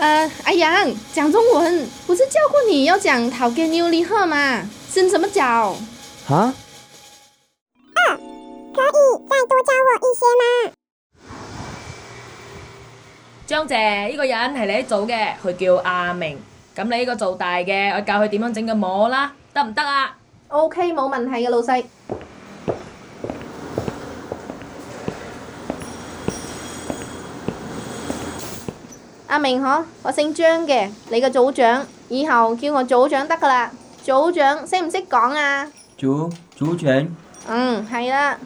呃，阿楊講中文，不是教過你要講“陶根紐里赫”嗎？伸什麼腳？啊？呃、啊，可以再多教我一些嗎？張姐，依、這個人是你一組嘅，佢叫阿明，那你依個做大的我教佢點樣整個模啦，得唔得啊？OK，冇問題嘅，老細。阿明呵，我姓張嘅，你嘅組長，以後叫我組長得噶啦。組長識唔識講啊？組組長。嗯，係啦。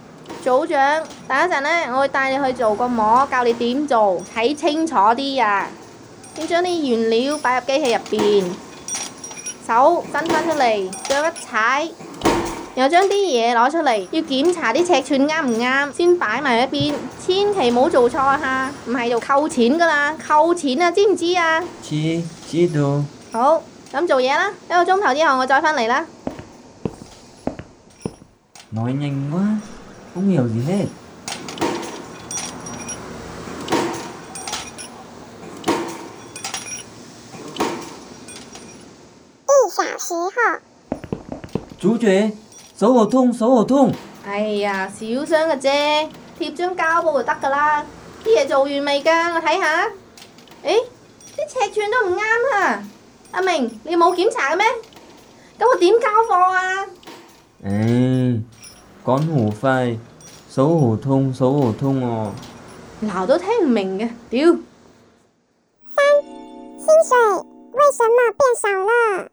組長，等一陣呢，我會去帶你去做個模，教你點做，睇清楚啲啊！要將啲原料擺入機器入邊，手伸返出嚟，腳一踩。又將啲嘢攞出嚟，要檢查啲尺寸啱唔啱，先擺埋一邊。千祈唔好做錯吓，唔係就扣錢噶啦，扣錢啊，知唔知啊？知知道。好，咁做嘢啦，一個鐘頭之後我再返嚟啦。耐人喎，好少啲嘿。一小時後。主角。手又痛，手又痛。哎呀，小傷嘅啫，貼張膠布就得㗎啦。啲嘢做完未㗎？我睇下。誒，啲尺寸都唔啱啊！阿明，你冇檢查嘅咩？咁我點交貨啊？誒，趕貨快，手又痛，手又痛哦。鬧都聽唔明嘅，屌。薪水為什麼變少了？